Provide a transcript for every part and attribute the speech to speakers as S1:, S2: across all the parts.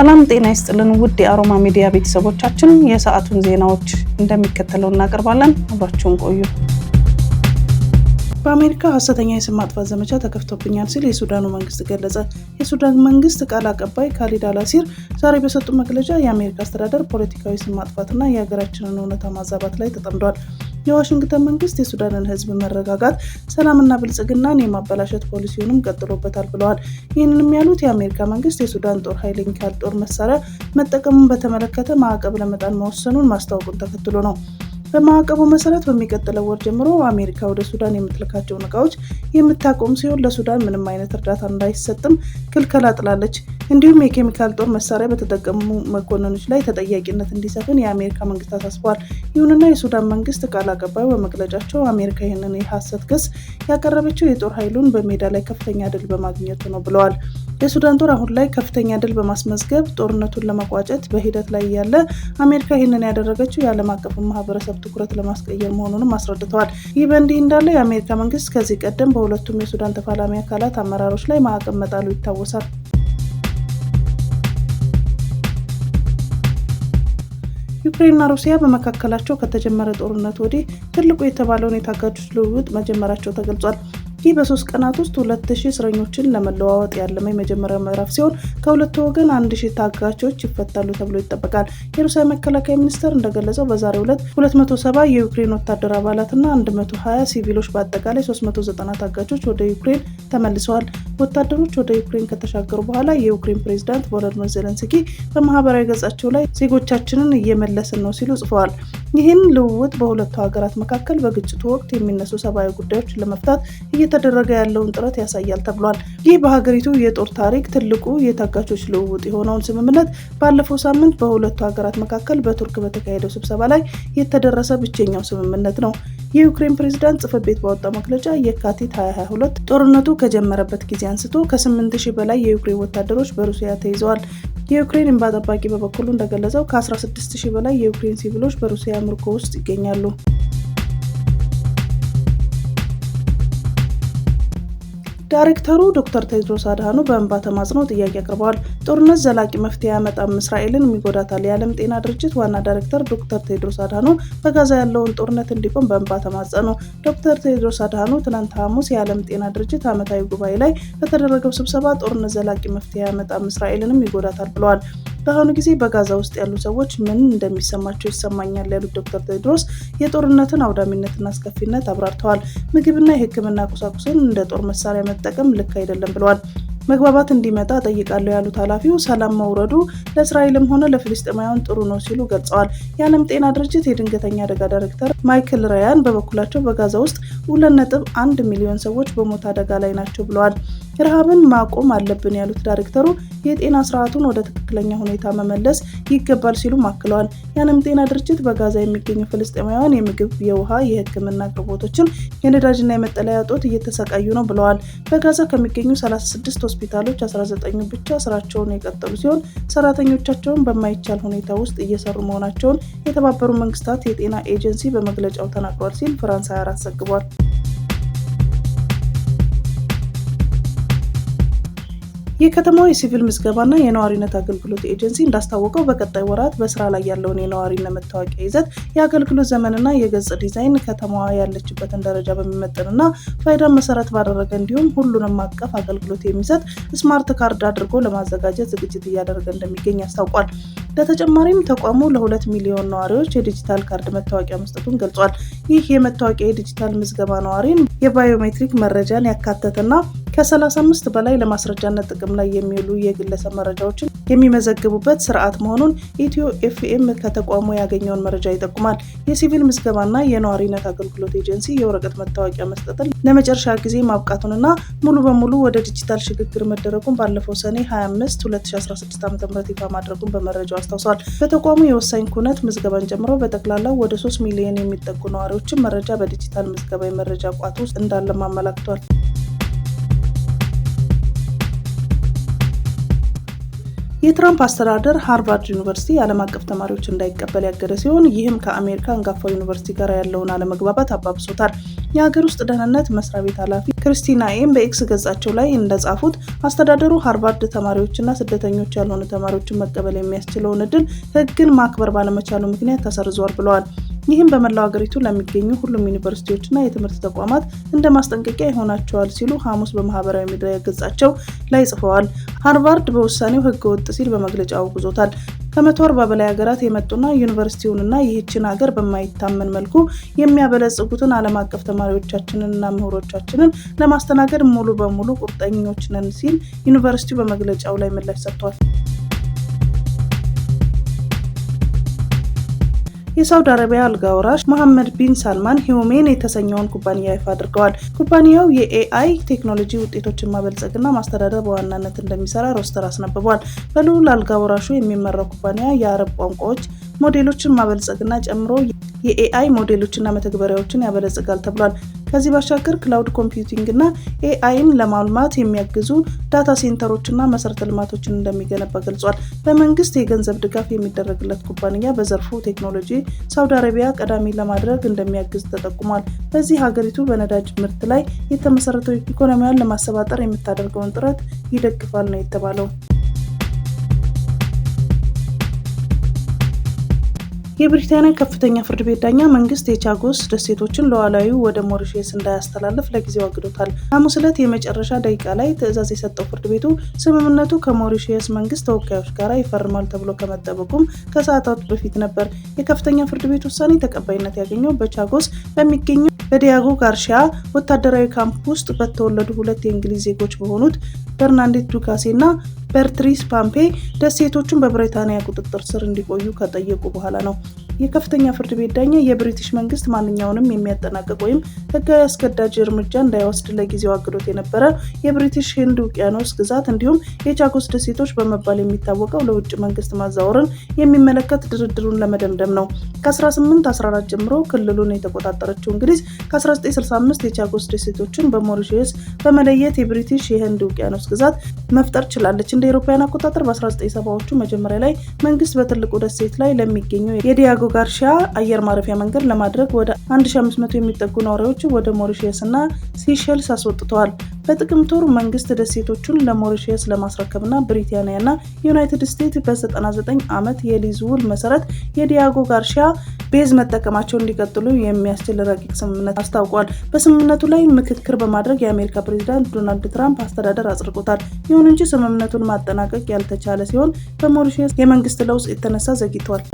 S1: ሰላም ጤና ይስጥልን ውድ የአሮማ ሚዲያ ቤተሰቦቻችን፣ የሰዓቱን ዜናዎች እንደሚከተለው እናቀርባለን። አብራችሁን ቆዩ። በአሜሪካ ሀሰተኛ የስም ማጥፋት ዘመቻ ተከፍቶብኛል ሲል የሱዳኑ መንግስት ገለጸ። የሱዳን መንግስት ቃል አቀባይ ካሊድ አላሲር ዛሬ በሰጡት መግለጫ የአሜሪካ አስተዳደር ፖለቲካዊ ስም ማጥፋትና የሀገራችንን እውነታ ማዛባት ላይ ተጠምዷል የዋሽንግተን መንግስት የሱዳንን ህዝብ መረጋጋት፣ ሰላምና ብልጽግናን የማበላሸት ፖሊሲውንም ቀጥሎበታል ብለዋል። ይህንንም ያሉት የአሜሪካ መንግስት የሱዳን ጦር ኃይል ኬሚካል ጦር መሳሪያ መጠቀሙን በተመለከተ ማዕቀብ ለመጣል መወሰኑን ማስታወቁን ተከትሎ ነው። በማዕቀቡ መሰረት በሚቀጥለው ወር ጀምሮ አሜሪካ ወደ ሱዳን የምትልካቸውን እቃዎች የምታቆም ሲሆን ለሱዳን ምንም አይነት እርዳታ እንዳይሰጥም ክልከላ ጥላለች። እንዲሁም የኬሚካል ጦር መሳሪያ በተጠቀሙ መኮንኖች ላይ ተጠያቂነት እንዲሰፍን የአሜሪካ መንግስት አሳስበዋል። ይሁንና የሱዳን መንግስት ቃል አቀባዩ በመግለጫቸው አሜሪካ ይህንን የሐሰት ክስ ያቀረበችው የጦር ኃይሉን በሜዳ ላይ ከፍተኛ ድል በማግኘቱ ነው ብለዋል። የሱዳን ጦር አሁን ላይ ከፍተኛ ድል በማስመዝገብ ጦርነቱን ለመቋጨት በሂደት ላይ ያለ አሜሪካ ይህንን ያደረገችው የዓለም አቀፍ ማህበረሰብ ትኩረት ለማስቀየር መሆኑንም አስረድተዋል። ይህ በእንዲህ እንዳለ የአሜሪካ መንግስት ከዚህ ቀደም በሁለቱም የሱዳን ተፋላሚ አካላት አመራሮች ላይ ማዕቀብ መጣሉ ይታወሳል። ዩክሬንና ሩሲያ በመካከላቸው ከተጀመረ ጦርነት ወዲህ ትልቁ የተባለውን የታጋቾች ልውውጥ መጀመራቸው ተገልጿል። ይህ በሶስት ቀናት ውስጥ ሁለት ሺህ እስረኞችን ለመለዋወጥ ያለመ የመጀመሪያ ምዕራፍ ሲሆን ከሁለቱ ወገን አንድ ሺህ ታጋቾች ይፈታሉ ተብሎ ይጠበቃል። የሩሲያ መከላከያ ሚኒስቴር እንደገለጸው በዛሬው ዕለት 270 የዩክሬን ወታደር አባላትና 120 ሲቪሎች በአጠቃላይ 390 ታጋቾች ወደ ዩክሬን ተመልሰዋል። ወታደሮች ወደ ዩክሬን ከተሻገሩ በኋላ የዩክሬን ፕሬዚዳንት ቮሎዲሚር ዜለንስኪ በማህበራዊ ገጻቸው ላይ ዜጎቻችንን እየመለስን ነው ሲሉ ጽፈዋል። ይህን ልውውጥ በሁለቱ ሀገራት መካከል በግጭቱ ወቅት የሚነሱ ሰብአዊ ጉዳዮች ለመፍታት እየተደረገ ያለውን ጥረት ያሳያል ተብሏል። ይህ በሀገሪቱ የጦር ታሪክ ትልቁ የታጋቾች ልውውጥ የሆነውን ስምምነት ባለፈው ሳምንት በሁለቱ ሀገራት መካከል በቱርክ በተካሄደው ስብሰባ ላይ የተደረሰ ብቸኛው ስምምነት ነው። የዩክሬን ፕሬዝዳንት ጽሕፈት ቤት ባወጣው መግለጫ የካቲት 2022 ጦርነቱ ከጀመረበት ጊዜ አንስቶ ከ8 ሺህ በላይ የዩክሬን ወታደሮች በሩሲያ ተይዘዋል። የዩክሬን እንባ ጠባቂ በበኩሉ እንደገለጸው ከ16 ሺህ በላይ የዩክሬን ሲቪሎች በሩሲያ ምርኮ ውስጥ ይገኛሉ። ዳይሬክተሩ ዶክተር ቴድሮስ አድሃኖ በእንባ ተማጽነው ጥያቄ አቅርበዋል። ጦርነት ዘላቂ መፍትሄ ያመጣም እስራኤልን ይጎዳታል። የዓለም ጤና ድርጅት ዋና ዳይሬክተር ዶክተር ቴድሮስ አድሃኖ በጋዛ ያለውን ጦርነት እንዲቆም በእንባ ተማጸኑ። ዶክተር ቴድሮስ አድሃኖ ትናንት ሐሙስ የዓለም ጤና ድርጅት ዓመታዊ ጉባኤ ላይ በተደረገው ስብሰባ ጦርነት ዘላቂ መፍትሄ ያመጣም እስራኤልንም ይጎዳታል ብለዋል። በአሁኑ ጊዜ በጋዛ ውስጥ ያሉ ሰዎች ምን እንደሚሰማቸው ይሰማኛል ያሉት ዶክተር ቴድሮስ የጦርነትን አውዳሚነትና አስከፊነት አብራርተዋል። ምግብና የሕክምና ቁሳቁስን እንደ ጦር መሳሪያ መጠቀም ልክ አይደለም ብለዋል። መግባባት እንዲመጣ ጠይቃለሁ ያሉት ኃላፊው ሰላም መውረዱ ለእስራኤልም ሆነ ለፍልስጤማውያን ጥሩ ነው ሲሉ ገልጸዋል። የዓለም ጤና ድርጅት የድንገተኛ አደጋ ዳይሬክተር ማይክል ራያን በበኩላቸው በጋዛ ውስጥ ሁለት ነጥብ አንድ ሚሊዮን ሰዎች በሞት አደጋ ላይ ናቸው ብለዋል። ረሃብን ማቆም አለብን ያሉት ዳይሬክተሩ የጤና ስርዓቱን ወደ ትክክለኛ ሁኔታ መመለስ ይገባል ሲሉም አክለዋል። የዓለም ጤና ድርጅት በጋዛ የሚገኙ ፍልስጤማውያን የምግብ፣ የውሃ፣ የህክምና አቅርቦቶችን፣ የነዳጅና የመጠለያ እጦት እየተሰቃዩ ነው ብለዋል። በጋዛ ከሚገኙ 36 ሆስፒታሎች 19ኙ ብቻ ስራቸውን የቀጠሉ ሲሆን ሰራተኞቻቸውን በማይቻል ሁኔታ ውስጥ እየሰሩ መሆናቸውን የተባበሩት መንግስታት የጤና ኤጀንሲ በመግለጫው ተናግሯል ሲል ፍራንስ 24 ዘግቧል። የከተማው የሲቪል ምዝገባና የነዋሪነት አገልግሎት ኤጀንሲ እንዳስታወቀው በቀጣይ ወራት በስራ ላይ ያለውን የነዋሪነት መታወቂያ ይዘት፣ የአገልግሎት ዘመንና የገጽ ዲዛይን ከተማዋ ያለችበትን ደረጃ በሚመጥንና ፋይዳን መሰረት ባደረገ እንዲሁም ሁሉንም አቀፍ አገልግሎት የሚሰጥ ስማርት ካርድ አድርጎ ለማዘጋጀት ዝግጅት እያደረገ እንደሚገኝ አስታውቋል። በተጨማሪም ተቋሙ ለሁለት ሚሊዮን ነዋሪዎች የዲጂታል ካርድ መታወቂያ መስጠቱን ገልጿል። ይህ የመታወቂያ የዲጂታል ምዝገባ ነዋሪን የባዮሜትሪክ መረጃን ያካተተና ከ35 በላይ ለማስረጃነት ጥቅም ላይ የሚውሉ የግለሰብ መረጃዎችን የሚመዘግቡበት ስርዓት መሆኑን ኢትዮ ኤፍኤም ከተቋሙ ያገኘውን መረጃ ይጠቁማል። የሲቪል ምዝገባና የነዋሪነት አገልግሎት ኤጀንሲ የወረቀት መታወቂያ መስጠትን ለመጨረሻ ጊዜ ማብቃቱንና ሙሉ በሙሉ ወደ ዲጂታል ሽግግር መደረጉን ባለፈው ሰኔ 25 2016 ዓ ም ይፋ ማድረጉን በመረጃው አስታውሷል። በተቋሙ የወሳኝ ኩነት ምዝገባን ጨምሮ በጠቅላላው ወደ 3 ሚሊዮን የሚጠጉ ነዋሪዎችን መረጃ በዲጂታል ምዝገባ የመረጃ ቋት ውስጥ እንዳለም አመላክቷል። የትራምፕ አስተዳደር ሃርቫርድ ዩኒቨርሲቲ የዓለም አቀፍ ተማሪዎች እንዳይቀበል ያገደ ሲሆን ይህም ከአሜሪካ አንጋፋ ዩኒቨርሲቲ ጋር ያለውን አለመግባባት አባብሶታል። የሀገር ውስጥ ደህንነት መስሪያ ቤት ኃላፊ ክርስቲና ኤም በኤክስ ገጻቸው ላይ እንደጻፉት አስተዳደሩ ሃርቫርድ ተማሪዎችና ስደተኞች ያልሆኑ ተማሪዎችን መቀበል የሚያስችለውን እድል ህግን ማክበር ባለመቻሉ ምክንያት ተሰርዟል ብለዋል። ይህም በመላው ሀገሪቱ ለሚገኙ ሁሉም ዩኒቨርሲቲዎችና የትምህርት ተቋማት እንደ ማስጠንቀቂያ ይሆናቸዋል ሲሉ ሐሙስ በማህበራዊ ሚዲያ ገጻቸው ላይ ጽፈዋል። ሃርቫርድ በውሳኔው ህገወጥ ሲል በመግለጫ አውግዞታል። ከመቶ አርባ በላይ ሀገራት የመጡና ዩኒቨርሲቲውንና ይህችን ሀገር በማይታመን መልኩ የሚያበለጽጉትን ዓለም አቀፍ ተማሪዎቻችንንና ምሁሮቻችንን ለማስተናገድ ሙሉ በሙሉ ቁርጠኞች ነን ሲል ዩኒቨርሲቲው በመግለጫው ላይ ምላሽ ሰጥቷል። የሳውዲ አረቢያ አልጋ ወራሽ መሐመድ ቢን ሳልማን ሂዩሜን የተሰኘውን ኩባንያ ይፋ አድርገዋል። ኩባንያው የኤአይ ቴክኖሎጂ ውጤቶችን ማበልጸግና ማስተዳደር በዋናነት እንደሚሰራ ሮስተር አስነብቧል። በልዑል አልጋ ወራሹ የሚመራው ኩባንያ የአረብ ቋንቋዎች ሞዴሎችን ማበልጸግና ጨምሮ የኤአይ ሞዴሎችና መተግበሪያዎችን ያበለጽጋል ተብሏል። ከዚህ ባሻገር ክላውድ ኮምፒውቲንግ እና ኤአይን ለማልማት የሚያግዙ ዳታ ሴንተሮችና መሰረተ ልማቶችን እንደሚገነባ ገልጿል። በመንግስት የገንዘብ ድጋፍ የሚደረግለት ኩባንያ በዘርፉ ቴክኖሎጂ ሳውዲ አረቢያ ቀዳሚ ለማድረግ እንደሚያግዝ ተጠቁሟል። በዚህ ሀገሪቱ በነዳጅ ምርት ላይ የተመሰረተው ኢኮኖሚያን ለማሰባጠር የምታደርገውን ጥረት ይደግፋል ነው የተባለው። የብሪታንያ ከፍተኛ ፍርድ ቤት ዳኛ መንግስት የቻጎስ ደሴቶችን ለዋላዊ ወደ ሞሪሼስ እንዳያስተላልፍ ለጊዜው አግዶታል። ሐሙስ ዕለት የመጨረሻ ደቂቃ ላይ ትዕዛዝ የሰጠው ፍርድ ቤቱ ስምምነቱ ከሞሪሼስ መንግስት ተወካዮች ጋር ይፈርማል ተብሎ ከመጠበቁም ከሰዓታት በፊት ነበር። የከፍተኛ ፍርድ ቤት ውሳኔ ተቀባይነት ያገኘው በቻጎስ በሚገኘው በዲያጎ ጋርሺያ ወታደራዊ ካምፕ ውስጥ በተወለዱ ሁለት የእንግሊዝ ዜጎች በሆኑት በርናንዴት ዱካሴ እና በርትሪስ ፓምፔ ደሴቶቹን በብሪታንያ ቁጥጥር ስር እንዲቆዩ ከጠየቁ በኋላ ነው። የከፍተኛ ፍርድ ቤት ዳኛ የብሪቲሽ መንግስት ማንኛውንም የሚያጠናቅቅ ወይም ህጋዊ አስገዳጅ እርምጃ እንዳይወስድ ለጊዜው አግዶት የነበረ የብሪቲሽ ህንድ ውቅያኖስ ግዛት እንዲሁም የቻኮስ ደሴቶች በመባል የሚታወቀው ለውጭ መንግስት ማዛወርን የሚመለከት ድርድሩን ለመደምደም ነው። ከ1814 ጀምሮ ክልሉን የተቆጣጠረችው እንግሊዝ ከ1965 የቻኮስ ደሴቶችን በሞሪሽስ በመለየት የብሪቲሽ የህንድ ውቅያኖስ ግዛት መፍጠር ችላለች። እንደ አውሮፓውያን አቆጣጠር በ1970ዎቹ መጀመሪያ ላይ መንግስት በትልቁ ደሴት ላይ ለሚገኘው የዲያጎ ጋርሺያ አየር ማረፊያ መንገድ ለማድረግ ወደ 1500 የሚጠጉ ነዋሪዎች ወደ ሞሪሽየስ እና ሲሸልስ አስወጥተዋል። በጥቅምት ወር መንግስት ደሴቶቹን ለማስረከብ ለማስረከብና ብሪታንያ እና ዩናይትድ ስቴትስ በ99 ዓመት የሊዝ ውል መሰረት የዲያጎ ጋርሺያ ቤዝ መጠቀማቸውን እንዲቀጥሉ የሚያስችል ረቂቅ ስምምነት አስታውቋል። በስምምነቱ ላይ ምክክር በማድረግ የአሜሪካ ፕሬዚዳንት ዶናልድ ትራምፕ አስተዳደር አጽድቆታል። ይሁን እንጂ ስምምነቱን ማጠናቀቅ ያልተቻለ ሲሆን በሞሪሽስ የመንግስት ለውጥ የተነሳ ዘግይቷል።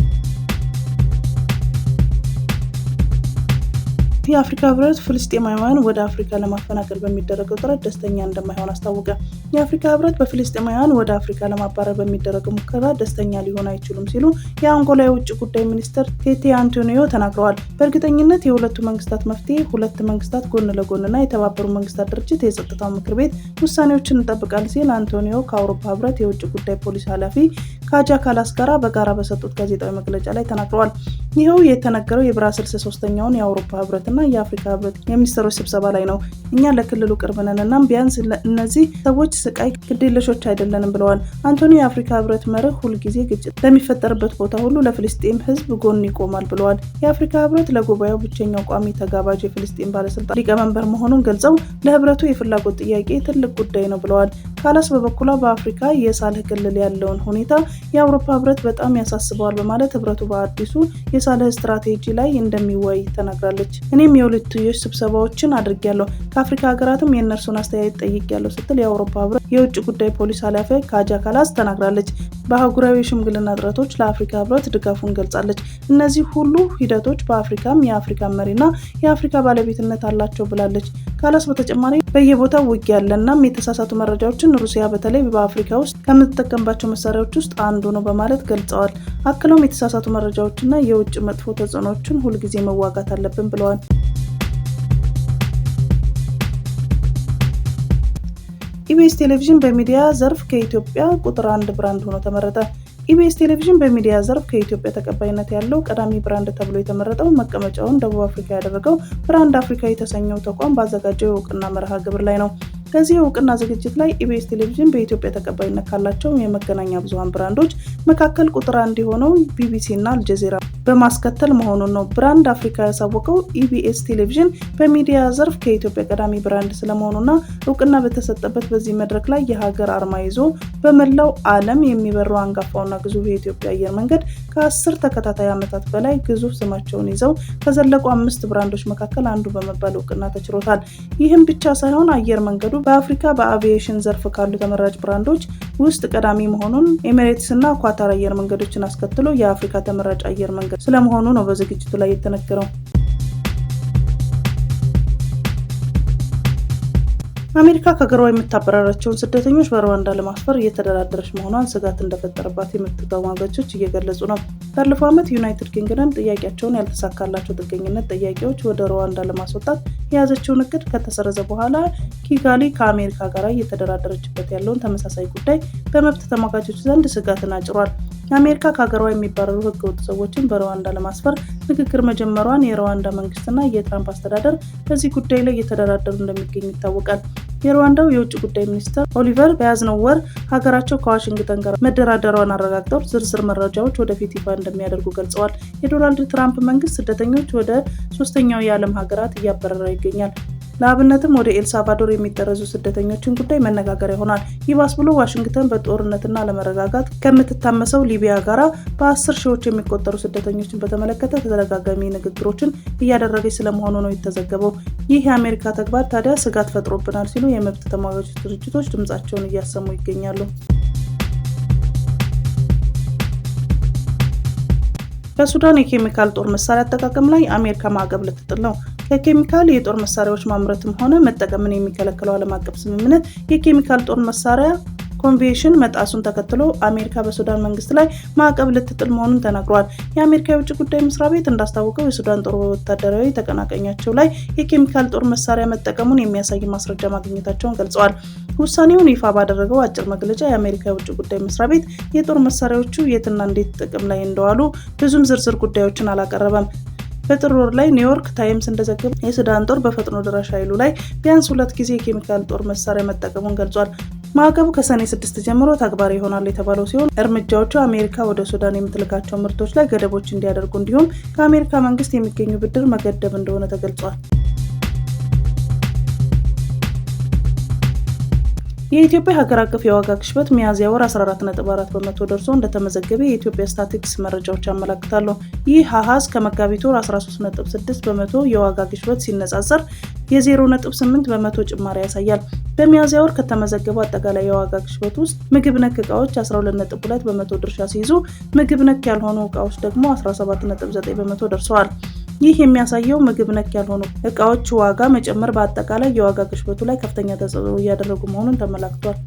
S1: የአፍሪካ ህብረት ፍልስጤማውያን ወደ አፍሪካ ለማፈናቀል በሚደረገው ጥረት ደስተኛ እንደማይሆን አስታወቀ። የአፍሪካ ህብረት በፍልስጤማውያን ወደ አፍሪካ ለማባረር በሚደረገው ሙከራ ደስተኛ ሊሆን አይችሉም ሲሉ የአንጎላ የውጭ ጉዳይ ሚኒስትር ቴቴ አንቶኒዮ ተናግረዋል። በእርግጠኝነት የሁለቱ መንግስታት መፍትሄ ሁለት መንግስታት ጎን ለጎንና የተባበሩ መንግስታት ድርጅት የጸጥታው ምክር ቤት ውሳኔዎችን እንጠብቃል ሲል አንቶኒዮ ከአውሮፓ ህብረት የውጭ ጉዳይ ፖሊሲ ኃላፊ ካጃ አካላስ ጋር በጋራ በሰጡት ጋዜጣዊ መግለጫ ላይ ተናግረዋል። ይኸው የተነገረው የብራስልስ ሶስተኛውን የአውሮፓ ህብረትና የአፍሪካ ህብረት የሚኒስትሮች ስብሰባ ላይ ነው። እኛ ለክልሉ ቅርብ ነን፣ እናም ቢያንስ እነዚህ ሰዎች ስቃይ ግዴለሾች አይደለንም ብለዋል። አንቶኒ የአፍሪካ ህብረት መርህ ሁልጊዜ ግጭት ለሚፈጠርበት ቦታ ሁሉ ለፍልስጤም ህዝብ ጎን ይቆማል ብለዋል። የአፍሪካ ህብረት ለጉባኤው ብቸኛው ቋሚ ተጋባዥ የፍልስጤም ባለስልጣን ሊቀመንበር መሆኑን ገልጸው ለህብረቱ የፍላጎት ጥያቄ ትልቅ ጉዳይ ነው ብለዋል። ካላስ በበኩሏ በአፍሪካ የሳልህ ክልል ያለውን ሁኔታ የአውሮፓ ህብረት በጣም ያሳስበዋል በማለት ህብረቱ በአዲሱ የሳልህ ስትራቴጂ ላይ እንደሚወያይ ተናግራለች። እኔም የሁለትዮሽ ስብሰባዎችን አድርጌያለሁ፣ ከአፍሪካ ሀገራትም የእነርሱን አስተያየት ጠይቄያለሁ ስትል የአውሮፓ ህብረት የውጭ ጉዳይ ፖሊስ ኃላፊ ካጃ ካላስ ተናግራለች። በአህጉራዊ የሽምግልና ጥረቶች ለአፍሪካ ህብረት ድጋፉን ገልጻለች። እነዚህ ሁሉ ሂደቶች በአፍሪካም የአፍሪካ መሪና የአፍሪካ ባለቤትነት አላቸው ብላለች። ካላስ በተጨማሪ በየቦታው ውጊያ አለ፣ እናም የተሳሳቱ መረጃዎችን ሩሲያ በተለይ በአፍሪካ ውስጥ ከምትጠቀምባቸው መሳሪያዎች ውስጥ አንዱ ነው በማለት ገልጸዋል። አክለውም የተሳሳቱ መረጃዎችና የውጭ መጥፎ ተጽዕኖዎችን ሁልጊዜ መዋጋት አለብን ብለዋል። ኢቢኤስ ቴሌቪዥን በሚዲያ ዘርፍ ከኢትዮጵያ ቁጥር አንድ ብራንድ ሆኖ ተመረጠ። ኢቢኤስ ቴሌቪዥን በሚዲያ ዘርፍ ከኢትዮጵያ ተቀባይነት ያለው ቀዳሚ ብራንድ ተብሎ የተመረጠው መቀመጫውን ደቡብ አፍሪካ ያደረገው ብራንድ አፍሪካ የተሰኘው ተቋም ባዘጋጀው የእውቅና መርሃ ግብር ላይ ነው። ከዚህ እውቅና ዝግጅት ላይ ኢቢኤስ ቴሌቪዥን በኢትዮጵያ ተቀባይነት ካላቸው የመገናኛ ብዙሃን ብራንዶች መካከል ቁጥር አንድ የሆነው ቢቢሲ እና አልጀዚራ በማስከተል መሆኑን ነው ብራንድ አፍሪካ ያሳወቀው። ኢቢኤስ ቴሌቪዥን በሚዲያ ዘርፍ ከኢትዮጵያ ቀዳሚ ብራንድ ስለመሆኑና እውቅና በተሰጠበት በዚህ መድረክ ላይ የሀገር አርማ ይዞ በመላው ዓለም የሚበረው አንጋፋውና ግዙፍ የኢትዮጵያ አየር መንገድ ከአስር ተከታታይ ዓመታት በላይ ግዙፍ ስማቸውን ይዘው ከዘለቁ አምስት ብራንዶች መካከል አንዱ በመባል እውቅና ተችሮታል። ይህም ብቻ ሳይሆን አየር መንገዱ በአፍሪካ በአቪዬሽን ዘርፍ ካሉ ተመራጭ ብራንዶች ውስጥ ቀዳሚ መሆኑን ኤሚሬትስና ኳታር አየር መንገዶችን አስከትሎ የአፍሪካ ተመራጭ አየር መንገድ ስለመሆኑ ነው በዝግጅቱ ላይ የተነገረው። አሜሪካ ከሀገሯ የምታበራራቸውን ስደተኞች በሩዋንዳ ለማስፈር እየተደራደረች መሆኗን ስጋት እንደፈጠረባት የመብት ተሟጋቾች እየገለጹ ነው። ባለፈው ዓመት ዩናይትድ ኪንግደም ጥያቄያቸውን ያልተሳካላቸው ጥገኝነት ጥያቄዎች ወደ ሩዋንዳ ለማስወጣት የያዘችውን እቅድ ከተሰረዘ በኋላ ኪጋሊ ከአሜሪካ ጋር እየተደራደረችበት ያለውን ተመሳሳይ ጉዳይ በመብት ተሟጋቾች ዘንድ ስጋትን አጭሯል። የአሜሪካ ከሀገሯ የሚባረሩ ህገወጥ ሰዎችን በሩዋንዳ ለማስፈር ንግግር መጀመሯን የሩዋንዳ መንግስትና የትራምፕ አስተዳደር በዚህ ጉዳይ ላይ እየተደራደሩ እንደሚገኙ ይታወቃል። የሩዋንዳው የውጭ ጉዳይ ሚኒስትር ኦሊቨር በያዝነው ወር ሀገራቸው ከዋሽንግተን ጋር መደራደሯን አረጋግጠው ዝርዝር መረጃዎች ወደፊት ይፋ እንደሚያደርጉ ገልጸዋል። የዶናልድ ትራምፕ መንግስት ስደተኞች ወደ ሶስተኛው የዓለም ሀገራት እያበረረ ይገኛል። ለአብነትም ወደ ኤልሳልቫዶር የሚጠረዙ ስደተኞችን ጉዳይ መነጋገሪያ ይሆናል። ይባስ ብሎ ዋሽንግተን በጦርነትና ለመረጋጋት ከምትታመሰው ሊቢያ ጋራ በአስር ሺዎች የሚቆጠሩ ስደተኞችን በተመለከተ ተደጋጋሚ ንግግሮችን እያደረገች ስለመሆኑ ነው የተዘገበው። ይህ የአሜሪካ ተግባር ታዲያ ስጋት ፈጥሮብናል ሲሉ የመብት ተሟጋቾች ድርጅቶች ድምጻቸውን እያሰሙ ይገኛሉ። በሱዳን የኬሚካል ጦር መሳሪያ አጠቃቀም ላይ አሜሪካ ማዕቀብ ልትጥል ነው። ከኬሚካል የጦር መሳሪያዎች ማምረትም ሆነ መጠቀምን የሚከለክለው ዓለም አቀፍ ስምምነት የኬሚካል ጦር መሳሪያ ኮንቬንሽን መጣሱን ተከትሎ አሜሪካ በሱዳን መንግስት ላይ ማዕቀብ ልትጥል መሆኑን ተናግሯል። የአሜሪካ የውጭ ጉዳይ መስሪያ ቤት እንዳስታወቀው የሱዳን ጦር በወታደራዊ ተቀናቃኛቸው ላይ የኬሚካል ጦር መሳሪያ መጠቀሙን የሚያሳይ ማስረጃ ማግኘታቸውን ገልጸዋል። ውሳኔውን ይፋ ባደረገው አጭር መግለጫ የአሜሪካ የውጭ ጉዳይ መስሪያ ቤት የጦር መሳሪያዎቹ የትና እንዴት ጥቅም ላይ እንደዋሉ ብዙም ዝርዝር ጉዳዮችን አላቀረበም። በጥር ወር ላይ ኒውዮርክ ታይምስ እንደዘገበ የሱዳን ጦር በፈጥኖ ደራሽ ኃይሉ ላይ ቢያንስ ሁለት ጊዜ የኬሚካል ጦር መሳሪያ መጠቀሙን ገልጿል። ማዕቀቡ ከሰኔ ስድስት ጀምሮ ተግባር ይሆናል የተባለው ሲሆን እርምጃዎቹ አሜሪካ ወደ ሱዳን የምትልካቸው ምርቶች ላይ ገደቦች እንዲያደርጉ እንዲሁም ከአሜሪካ መንግስት የሚገኙ ብድር መገደብ እንደሆነ ተገልጿል። የኢትዮጵያ ሀገር አቀፍ የዋጋ ግሽበት ሚያዝያ ወር 14.4 በመቶ ደርሶ እንደተመዘገበ የኢትዮጵያ ስታቲክስ መረጃዎች ያመለክታሉ። ይህ አሃዝ ከመጋቢት ወር 13.6 በመቶ የዋጋ ግሽበት ሲነጻጸር የ0.8 በመቶ ጭማሪ ያሳያል። በሚያዝያ ወር ከተመዘገበው አጠቃላይ የዋጋ ግሽበት ውስጥ ምግብ ነክ እቃዎች 12.2 በመቶ ድርሻ ሲይዙ ምግብ ነክ ያልሆኑ እቃዎች ደግሞ 17.9 በመቶ ደርሰዋል። ይህ የሚያሳየው ምግብ ነክ ያልሆኑ እቃዎች ዋጋ መጨመር በአጠቃላይ የዋጋ ግሽበቱ ላይ ከፍተኛ ተጽዕኖ እያደረጉ መሆኑን ተመላክቷል።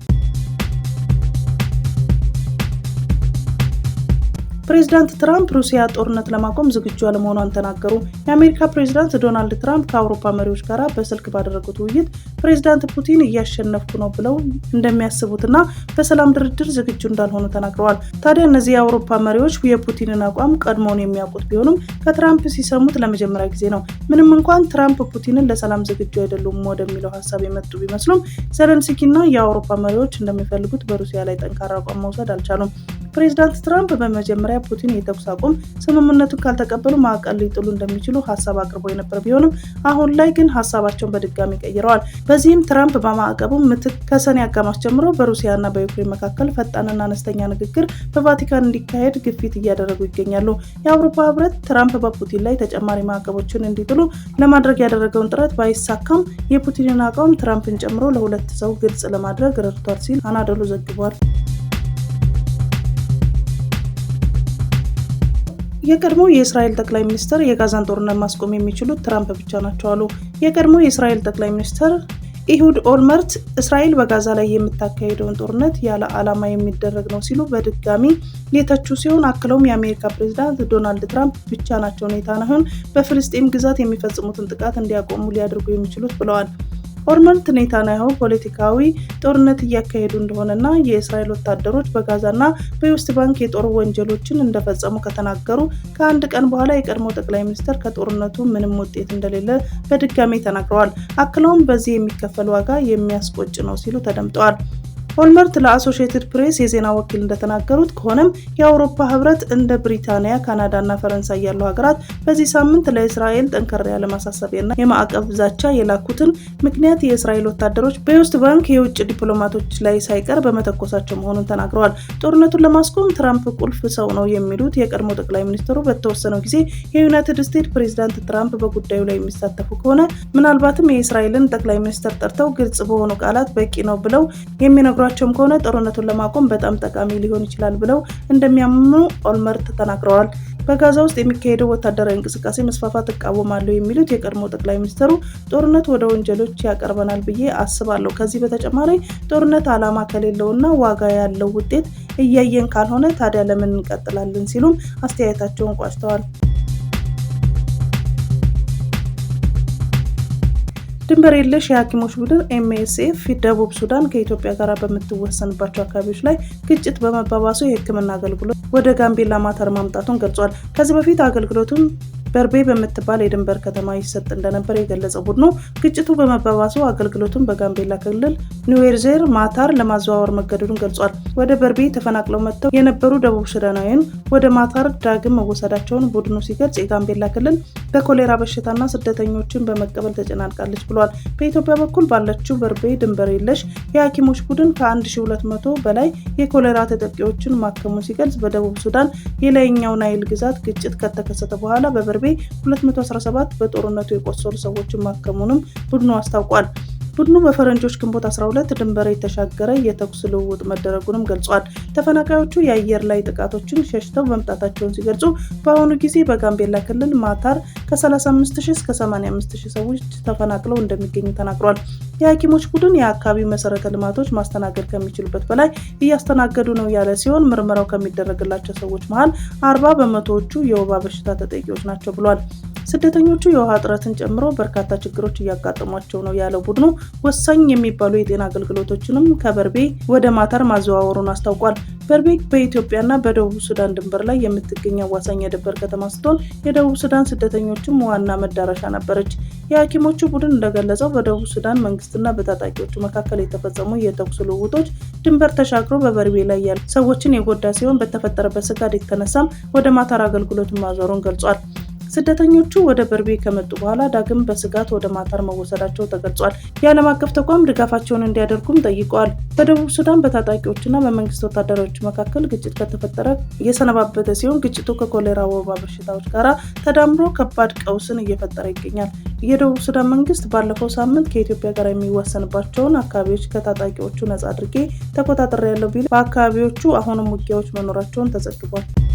S1: ፕሬዚዳንት ትራምፕ ሩሲያ ጦርነት ለማቆም ዝግጁ አለመሆኗን ተናገሩ። የአሜሪካ ፕሬዚዳንት ዶናልድ ትራምፕ ከአውሮፓ መሪዎች ጋር በስልክ ባደረጉት ውይይት ፕሬዚዳንት ፑቲን እያሸነፍኩ ነው ብለው እንደሚያስቡትና በሰላም ድርድር ዝግጁ እንዳልሆኑ ተናግረዋል። ታዲያ እነዚህ የአውሮፓ መሪዎች የፑቲንን አቋም ቀድሞውን የሚያውቁት ቢሆንም ከትራምፕ ሲሰሙት ለመጀመሪያ ጊዜ ነው። ምንም እንኳን ትራምፕ ፑቲንን ለሰላም ዝግጁ አይደሉም ወደሚለው ሀሳብ የመጡ ቢመስሉም ዘለንስኪና የአውሮፓ መሪዎች እንደሚፈልጉት በሩሲያ ላይ ጠንካራ አቋም መውሰድ አልቻሉም። ፕሬዚዳንት ትራምፕ በመጀመሪያ ፑቲን የተኩስ አቁም ስምምነቱን ካልተቀበሉ ማዕቀል ሊጥሉ እንደሚችሉ ሀሳብ አቅርቦ የነበረ ቢሆንም አሁን ላይ ግን ሀሳባቸውን በድጋሚ ቀይረዋል። በዚህም ትራምፕ በማዕቀቡ ምትክ ከሰኔ አጋማሽ ጀምሮ በሩሲያና በዩክሬን መካከል ፈጣንና አነስተኛ ንግግር በቫቲካን እንዲካሄድ ግፊት እያደረጉ ይገኛሉ። የአውሮፓ ህብረት ትራምፕ በፑቲን ላይ ተጨማሪ ማዕቀቦችን እንዲጥሉ ለማድረግ ያደረገውን ጥረት ባይሳካም የፑቲንን አቋም ትራምፕን ጨምሮ ለሁለት ሰው ግልጽ ለማድረግ ረድቷል ሲል አናደሉ ዘግቧል። የቀድሞ የእስራኤል ጠቅላይ ሚኒስትር የጋዛን ጦርነት ማስቆም የሚችሉት ትራምፕ ብቻ ናቸው አሉ። የቀድሞ የእስራኤል ጠቅላይ ሚኒስትር ኢሁድ ኦልመርት እስራኤል በጋዛ ላይ የምታካሄደውን ጦርነት ያለ ዓላማ የሚደረግ ነው ሲሉ በድጋሚ የተቹ ሲሆን አክለውም የአሜሪካ ፕሬዚዳንት ዶናልድ ትራምፕ ብቻ ናቸው ኔታንያሁን በፍልስጤም ግዛት የሚፈጽሙትን ጥቃት እንዲያቆሙ ሊያደርጉ የሚችሉት ብለዋል። ኦርመልት ኔታንያሁ ፖለቲካዊ ጦርነት እያካሄዱ እንደሆነና የእስራኤል ወታደሮች በጋዛና በዌስት ባንክ የጦር ወንጀሎችን እንደፈጸሙ ከተናገሩ ከአንድ ቀን በኋላ የቀድሞ ጠቅላይ ሚኒስትር ከጦርነቱ ምንም ውጤት እንደሌለ በድጋሜ ተናግረዋል። አክለውም በዚህ የሚከፈል ዋጋ የሚያስቆጭ ነው ሲሉ ተደምጠዋል። ኦልመርት ለአሶሺየትድ ፕሬስ የዜና ወኪል እንደተናገሩት ከሆነም የአውሮፓ ህብረት እንደ ብሪታንያ፣ ካናዳ እና ፈረንሳይ ያሉ ሀገራት በዚህ ሳምንት ለእስራኤል ጠንከር ያለ ማሳሰቢያና የማዕቀብ ዛቻ የላኩትን ምክንያት የእስራኤል ወታደሮች በዌስት ባንክ የውጭ ዲፕሎማቶች ላይ ሳይቀር በመተኮሳቸው መሆኑን ተናግረዋል። ጦርነቱን ለማስቆም ትራምፕ ቁልፍ ሰው ነው የሚሉት የቀድሞ ጠቅላይ ሚኒስትሩ በተወሰነው ጊዜ የዩናይትድ ስቴትስ ፕሬዚዳንት ትራምፕ በጉዳዩ ላይ የሚሳተፉ ከሆነ ምናልባትም የእስራኤልን ጠቅላይ ሚኒስትር ጠርተው ግልጽ በሆኑ ቃላት በቂ ነው ብለው የሚነግሯ አብሯቸውም ከሆነ ጦርነቱን ለማቆም በጣም ጠቃሚ ሊሆን ይችላል ብለው እንደሚያምኑ ኦልመርት ተናግረዋል። በጋዛ ውስጥ የሚካሄደው ወታደራዊ እንቅስቃሴ መስፋፋት እቃወማለሁ የሚሉት የቀድሞ ጠቅላይ ሚኒስትሩ ጦርነት ወደ ወንጀሎች ያቀርበናል ብዬ አስባለሁ። ከዚህ በተጨማሪ ጦርነት ዓላማ ከሌለውና ዋጋ ያለው ውጤት እያየን ካልሆነ ታዲያ ለምን እንቀጥላለን? ሲሉም አስተያየታቸውን ቋጭተዋል። ድንበር የለሽ የሐኪሞች ቡድን ኤምኤስኤፍ ደቡብ ሱዳን ከኢትዮጵያ ጋር በምትወሰንባቸው አካባቢዎች ላይ ግጭት በመባባሱ የሕክምና አገልግሎት ወደ ጋምቤላ ማተር ማምጣቱን ገልጿል። ከዚህ በፊት አገልግሎቱን በርቤ በምትባል የድንበር ከተማ ይሰጥ እንደነበር የገለጸው ቡድኑ ግጭቱ በመባባሱ አገልግሎቱን በጋምቤላ ክልል ኒዌርዜር ማታር ለማዘዋወር መገደዱን ገልጿል። ወደ በርቤ ተፈናቅለው መጥተው የነበሩ ደቡብ ሱዳናውያን ወደ ማታር ዳግም መወሰዳቸውን ቡድኑ ሲገልጽ የጋምቤላ ክልል በኮሌራ በሽታና ስደተኞችን በመቀበል ተጨናንቃለች ብሏል። በኢትዮጵያ በኩል ባለችው በርቤ ድንበር የለሽ የሐኪሞች ቡድን ከ1200 በላይ የኮሌራ ተጠቂዎችን ማከሙን ሲገልጽ በደቡብ ሱዳን የላይኛው ናይል ግዛት ግጭት ከተከሰተ በኋላ በበር ደርቤ 217 በጦርነቱ የቆሰሉ ሰዎችን ማከሙንም ቡድኑ አስታውቋል። ቡድኑ በፈረንጆች ግንቦት 12 ድንበር የተሻገረ የተኩስ ልውውጥ መደረጉንም ገልጿል። ተፈናቃዮቹ የአየር ላይ ጥቃቶችን ሸሽተው መምጣታቸውን ሲገልጹ በአሁኑ ጊዜ በጋምቤላ ክልል ማታር ከ 35 እስከ 85 ሰዎች ተፈናቅለው እንደሚገኙ ተናግሯል። የሐኪሞች ቡድን የአካባቢው መሰረተ ልማቶች ማስተናገድ ከሚችሉበት በላይ እያስተናገዱ ነው ያለ ሲሆን ምርመራው ከሚደረግላቸው ሰዎች መሀል አርባ በመቶዎቹ የወባ በሽታ ተጠቂዎች ናቸው ብሏል። ስደተኞቹ የውሃ እጥረትን ጨምሮ በርካታ ችግሮች እያጋጠሟቸው ነው ያለው ቡድኑ ወሳኝ የሚባሉ የጤና አገልግሎቶችንም ከበርቤ ወደ ማታር ማዘዋወሩን አስታውቋል። በርቤ በኢትዮጵያና በደቡብ ሱዳን ድንበር ላይ የምትገኝ አዋሳኝ የድንበር ከተማ ስትሆን የደቡብ ሱዳን ስደተኞችም ዋና መዳረሻ ነበረች። የሐኪሞቹ ቡድን እንደገለጸው በደቡብ ሱዳን መንግስትና በታጣቂዎቹ መካከል የተፈጸሙ የተኩስ ልውውጦች ድንበር ተሻግሮ በበርቤ ላይ ያሉ ሰዎችን የጎዳ ሲሆን በተፈጠረበት ስጋት የተነሳም ወደ ማታር አገልግሎት ማዞሩን ገልጿል። ስደተኞቹ ወደ በርቤ ከመጡ በኋላ ዳግም በስጋት ወደ ማታር መወሰዳቸው ተገልጿል። የዓለም አቀፍ ተቋም ድጋፋቸውን እንዲያደርጉም ጠይቀዋል። በደቡብ ሱዳን በታጣቂዎችና በመንግስት ወታደሮች መካከል ግጭት ከተፈጠረ የሰነባበተ ሲሆን ግጭቱ ከኮሌራ ወባ በሽታዎች ጋር ተዳምሮ ከባድ ቀውስን እየፈጠረ ይገኛል። የደቡብ ሱዳን መንግስት ባለፈው ሳምንት ከኢትዮጵያ ጋር የሚዋሰንባቸውን አካባቢዎች ከታጣቂዎቹ ነጻ አድርጌ ተቆጣጠር ያለው ቢል በአካባቢዎቹ አሁንም ውጊያዎች መኖራቸውን ተዘግቧል።